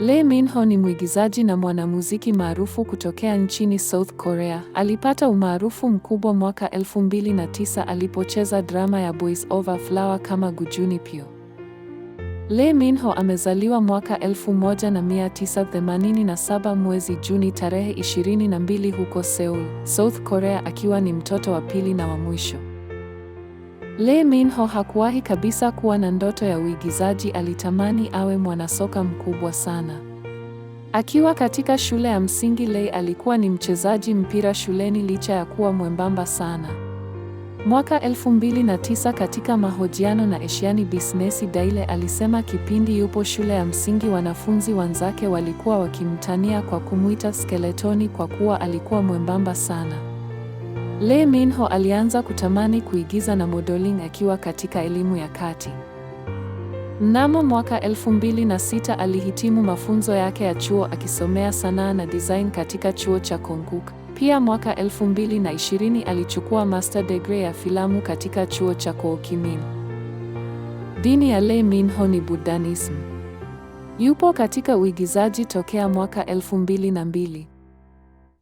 Lee Min-ho ni mwigizaji na mwanamuziki maarufu kutokea nchini South Korea. Alipata umaarufu mkubwa mwaka 2009 alipocheza drama ya Boys Over Flower kama Gujuni pio Lee Min-ho amezaliwa mwaka 1987 mwezi Juni tarehe 22 huko Seoul, South Korea akiwa ni mtoto wa pili na wa mwisho. Lee Min-ho hakuwahi kabisa kuwa na ndoto ya uigizaji. Alitamani awe mwanasoka mkubwa sana. Akiwa katika shule ya msingi, Lee alikuwa ni mchezaji mpira shuleni licha ya kuwa mwembamba sana. Mwaka 2009 katika mahojiano na eshiani Business Daily alisema kipindi yupo shule ya msingi wanafunzi wenzake walikuwa wakimtania kwa kumwita skeletoni kwa kuwa alikuwa mwembamba sana le minho alianza kutamani kuigiza na modeling akiwa katika elimu ya kati. Mnamo mwaka 2006 alihitimu mafunzo yake ya chuo akisomea sanaa na design katika chuo cha Konkuk. Pia mwaka 2020 alichukua master degree ya filamu katika chuo cha Kookimin. Dini ya le minho ni Buddhism. Yupo katika uigizaji tokea mwaka 2002.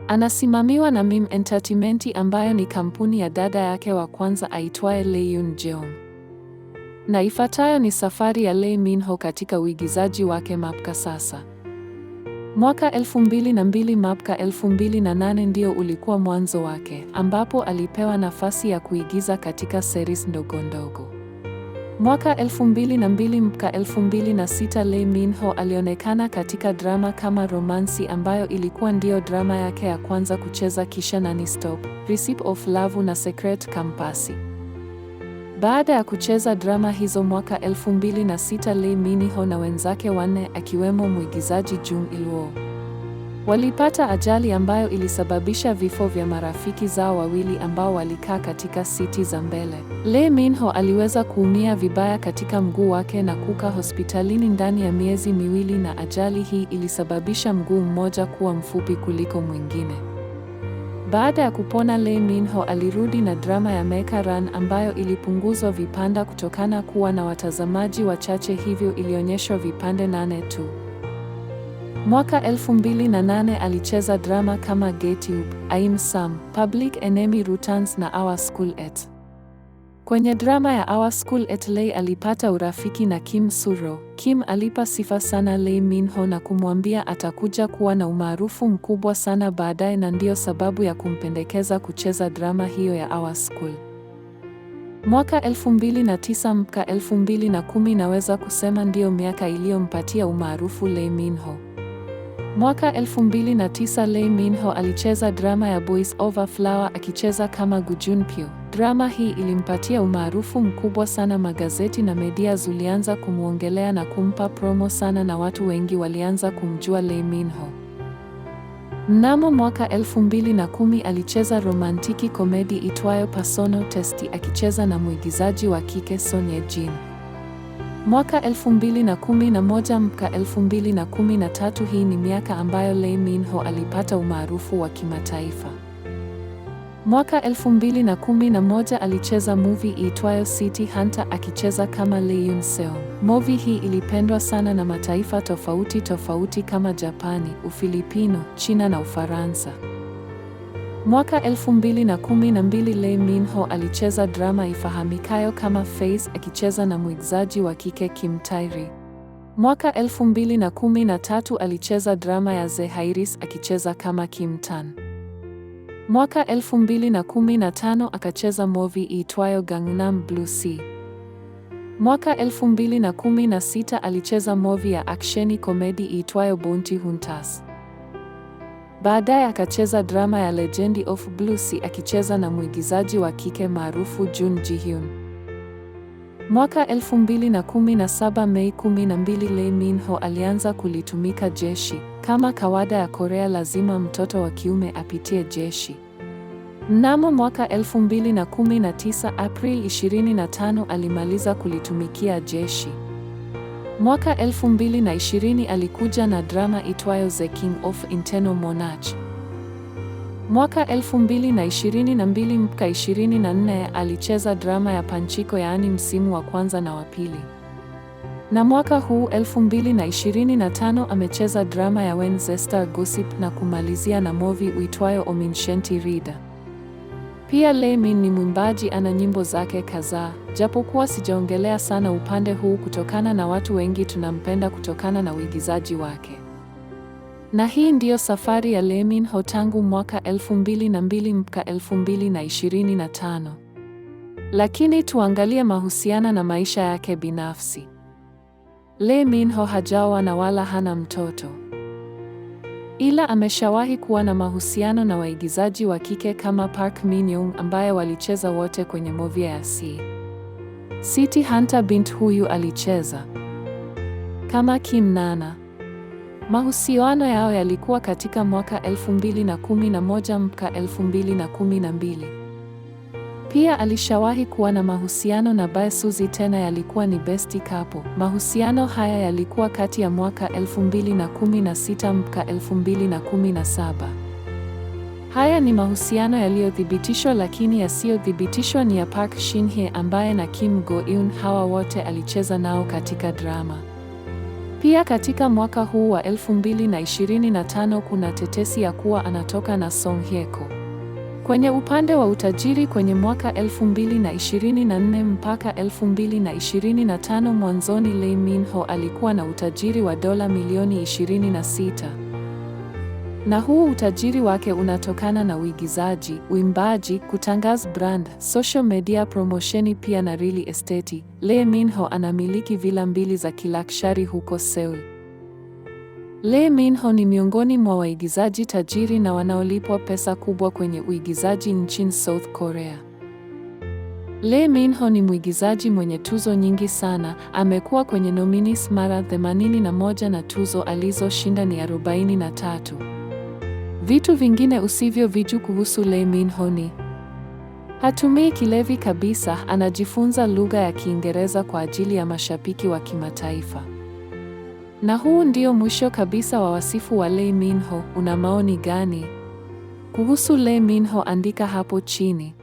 Anasimamiwa na Mim Entertainment ambayo ni kampuni ya dada yake wa kwanza aitwaye Lee Yun Jeong. Na ifuatayo ni safari ya Lee Min Ho katika uigizaji wake mapka sasa. Mwaka 2002 mapka 2008 ndio ulikuwa mwanzo wake ambapo alipewa nafasi ya kuigiza katika series ndogo ndogo. Mwaka 2002 mka 2006 Lee Min-ho alionekana katika drama kama Romansi ambayo ilikuwa ndiyo drama yake ya kwanza kucheza kisha na Stop, Recipe of Love na Secret campasi Baada ya kucheza drama hizo mwaka 2006 Lee Min-ho na wenzake wanne akiwemo mwigizaji Jung Il-woo Walipata ajali ambayo ilisababisha vifo vya marafiki zao wawili ambao walikaa katika siti za mbele. le Minho aliweza kuumia vibaya katika mguu wake na kuka hospitalini ndani ya miezi miwili na ajali hii ilisababisha mguu mmoja kuwa mfupi kuliko mwingine. Baada ya kupona le Minho alirudi na drama ya Meka Run ambayo ilipunguzwa vipanda kutokana kuwa na watazamaji wachache hivyo ilionyeshwa vipande nane tu. Mwaka 2008 alicheza drama kama Get Up, Sam, Public Enemy Returns na Our School at. Kwenye drama ya Our School at Lay alipata urafiki na Kim Suro. Kim alipa sifa sana Lay Minho na kumwambia atakuja kuwa na umaarufu mkubwa sana baadaye, na ndiyo sababu ya kumpendekeza kucheza drama hiyo ya Our School. Mwaka 2009 mka 2010 naweza kusema ndiyo miaka iliyompatia umaarufu Lay Minho. Mwaka 2009 Lee Min-ho alicheza drama ya Boys Over Flower akicheza kama Gu Junpyo. Drama hii ilimpatia umaarufu mkubwa sana, magazeti na media zulianza kumwongelea na kumpa promo sana na watu wengi walianza kumjua Lee Min-ho. Mnamo mwaka 2010 alicheza romantiki komedi itwayo personal Testi akicheza na mwigizaji wa kike Son Ye-jin. Mwaka 2011 mka 2013. Hii ni miaka ambayo Lee Min Ho alipata umaarufu wa kimataifa. Mwaka 2011 alicheza movie iitwayo City Hunter akicheza kama Lee yun Seo. Movie hii ilipendwa sana na mataifa tofauti tofauti kama Japani, Ufilipino, China na Ufaransa. Mwaka 2012 Lee minho alicheza drama ifahamikayo kama Face akicheza na mwigizaji wa kike Kim Tae-ri. Mwaka 2013 alicheza drama ya The Hairis akicheza kama Kim Tan. Mwaka 2015 akacheza movie iitwayo Gangnam Sea. Mwaka 2016 alicheza movie ya aksheni komedi iitwayo Bounty Hunters. Baadaye akacheza drama ya Legend of Blue Sea akicheza na mwigizaji wa kike maarufu Jun Ji Hyun. Mwaka 2017 Mei 12, Lee Min Ho alianza kulitumika jeshi. Kama kawaida ya Korea, lazima mtoto wa kiume apitie jeshi. Mnamo mwaka 2019 April 25 alimaliza kulitumikia jeshi. Mwaka 2020 alikuja na drama itwayo The King of Internal Monarch. Mwaka 2022 mpaka 24 alicheza drama ya Panchiko, yaani msimu wa kwanza na wa pili, na mwaka huu 2025 amecheza drama ya Wednesday Star Gossip na kumalizia na movie uitwayo Omniscient Reader. Pia Lemi ni mwimbaji, ana nyimbo zake kadhaa, japokuwa sijaongelea sana upande huu kutokana na watu wengi tunampenda kutokana na uigizaji wake. Na hii ndiyo safari ya Leminho tangu mwaka 2002 mpaka 2025. Lakini tuangalie mahusiana na maisha yake binafsi. lemin ho hajawa na wala hana mtoto ila ameshawahi kuwa na mahusiano na waigizaji wa kike kama Park Min-young ambaye walicheza wote kwenye movie ya C. City Hunter. Bint huyu alicheza kama Kim Nana. Mahusiano yao yalikuwa katika mwaka 2011 mpaka 2012. Pia alishawahi kuwa na mahusiano na Bae Suzy, tena yalikuwa ni besti kapo. Mahusiano haya yalikuwa kati ya mwaka 2016 mpaka 2017. Haya ni mahusiano yaliyothibitishwa, lakini yasiyothibitishwa ni ya Park Shin Hye ambaye na Kim Go Eun. Hawa wote alicheza nao katika drama. Pia katika mwaka huu wa 2025 kuna tetesi ya kuwa anatoka na Song Hye Kyo. Kwenye upande wa utajiri kwenye mwaka 2024 mpaka 2025 mwanzoni, Lee Min Ho alikuwa na utajiri wa dola milioni 26. Na huu utajiri wake unatokana na uigizaji, uimbaji, kutangaza brand, social media promotion pia na real estate. Lee Min Ho anamiliki vila mbili za kilakshari huko Seoul. Lee Min-ho ni miongoni mwa waigizaji tajiri na wanaolipwa pesa kubwa kwenye uigizaji nchini South Korea. Lee Min-ho ni mwigizaji mwenye tuzo nyingi sana. Amekuwa kwenye nominees mara 81 na tuzo alizoshinda ni 43. Vitu vingine usivyo viju kuhusu Lee Min-ho ni hatumii kilevi kabisa, anajifunza lugha ya Kiingereza kwa ajili ya mashabiki wa kimataifa. Na huu ndio mwisho kabisa wa wasifu wa Lee Minho. Una maoni gani kuhusu Lee Minho? Andika hapo chini.